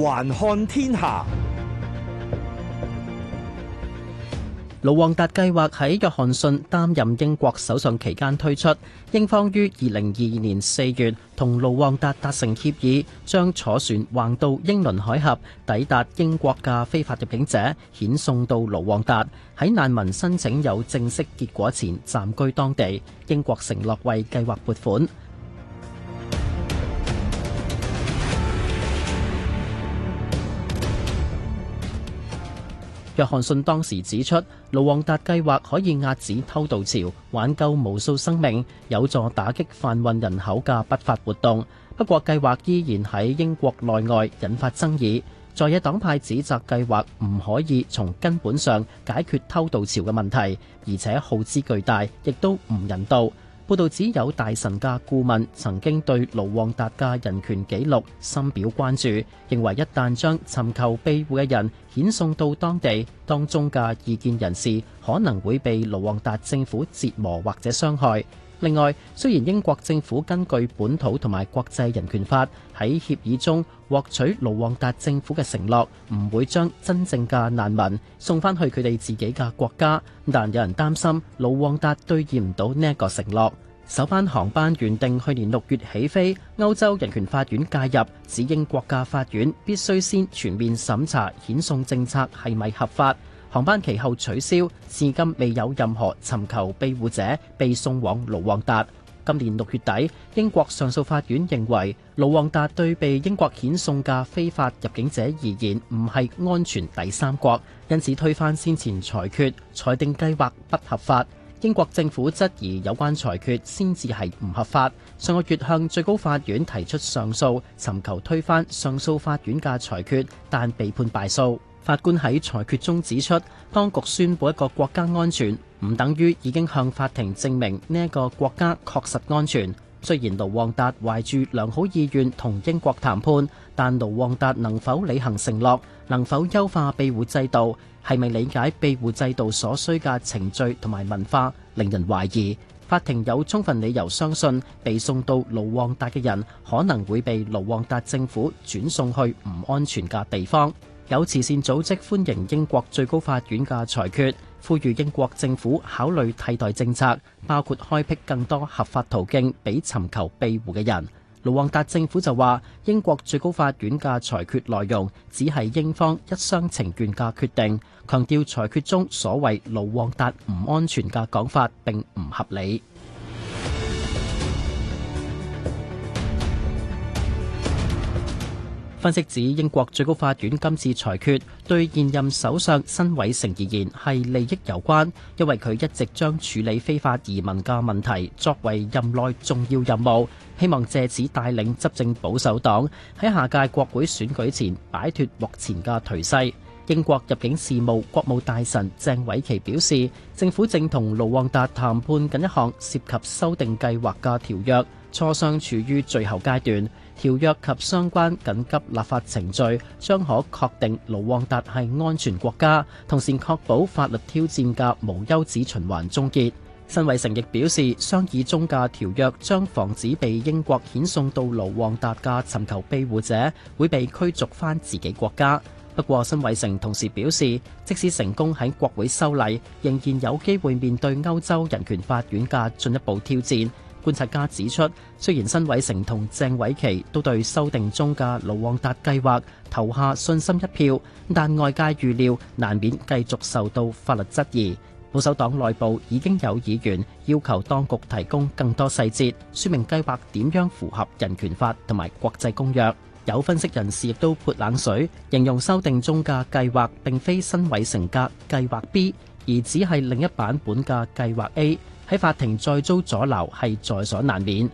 環看天下，盧旺達計劃喺約翰遜擔任英國首相期間推出。英方於二零二二年四月同盧旺達達成協議將，將坐船橫渡英倫海峽抵達英國嘅非法入境者，遣送到盧旺達喺難民申請有正式結果前暫居當地。英國承諾為計劃撥款。約翰遜當時指出，盧旺達計劃可以遏止偷渡潮，挽救無數生命，有助打擊販運人口嘅不法活動。不過，計劃依然喺英國內外引發爭議，在野黨派指責計劃唔可以從根本上解決偷渡潮嘅問題，而且耗資巨大，亦都唔人道。報導指有大臣嘅顧問曾經對盧旺達嘅人權記錄深表關注，認為一旦將尋求庇護嘅人遣送到當地，當中嘅異見人士可能會被盧旺達政府折磨或者傷害。另外，雖然英國政府根據本土同埋國際人權法喺協議中獲取盧旺達政府嘅承諾，唔會將真正嘅難民送翻去佢哋自己嘅國家，但有人擔心盧旺達兌現唔到呢一個承諾。首班航班原定去年六月起飛，歐洲人權法院介入，指英國嘅法院必須先全面審查遣送政策係咪合法。航班期後取消，至今未有任何尋求庇護者被送往盧旺達。今年六月底，英國上訴法院認為盧旺達對被英國遣送嘅非法入境者而言唔係安全第三國，因此推翻先前裁決，裁定計劃不合法。英國政府質疑有關裁決先至係唔合法，上個月向最高法院提出上訴，尋求推翻上訴法院嘅裁決，但被判敗訴。法官喺裁決中指出，當局宣布一個國家安全，唔等於已經向法庭證明呢一個國家確實安全。雖然盧旺達懷住良好意願同英國談判，但盧旺達能否履行承諾，能否優化庇護制度，係咪理解庇護制度所需嘅程序同埋文化，令人懷疑。法庭有充分理由相信，被送到盧旺達嘅人可能會被盧旺達政府轉送去唔安全嘅地方。有慈善組織歡迎英國最高法院嘅裁決，呼籲英國政府考慮替代政策，包括開闢更多合法途徑俾尋求庇護嘅人。盧旺達政府就話，英國最高法院嘅裁決內容只係英方一廂情願嘅決定，強調裁決中所謂盧旺達唔安全嘅講法並唔合理。分析指英國最高法院今次裁決對現任首相辛偉誠而言係利益攸關，因為佢一直將處理非法移民嘅問題作為任內重要任務，希望藉此帶領執政保守黨喺下屆國會選舉前擺脫目前嘅頹勢。英國入境事務國務大臣鄭偉琪表示，政府正同盧旺達談判緊一項涉及修訂計劃嘅條約，磋商處於最後階段。條約及相關緊急立法程序將可確定盧旺達係安全國家，同時確保法律挑戰嘅無休止循環終結。辛偉誠亦表示，商議中嘅條約將防止被英國遣送到盧旺達嘅尋求庇護者會被驅逐翻自己國家。不過，辛偉誠同時表示，即使成功喺國會修例，仍然有機會面對歐洲人權法院嘅進一步挑戰。觀察家指出,雖然辛偉誠同鄭偉琪都對修訂中嘅盧旺達計劃投下信心一票,但外界預料難免繼續受到法律質疑。保守黨內部已經有議員要求當局提供更多細節,說明計劃點樣符合人權法同埋國際公約。有分析人士亦都潑冷水,形容修訂中嘅計劃並非辛偉誠嘅計劃 B, 而只係另一版本嘅計劃 A。喺法庭再遭阻撓，係在所難免。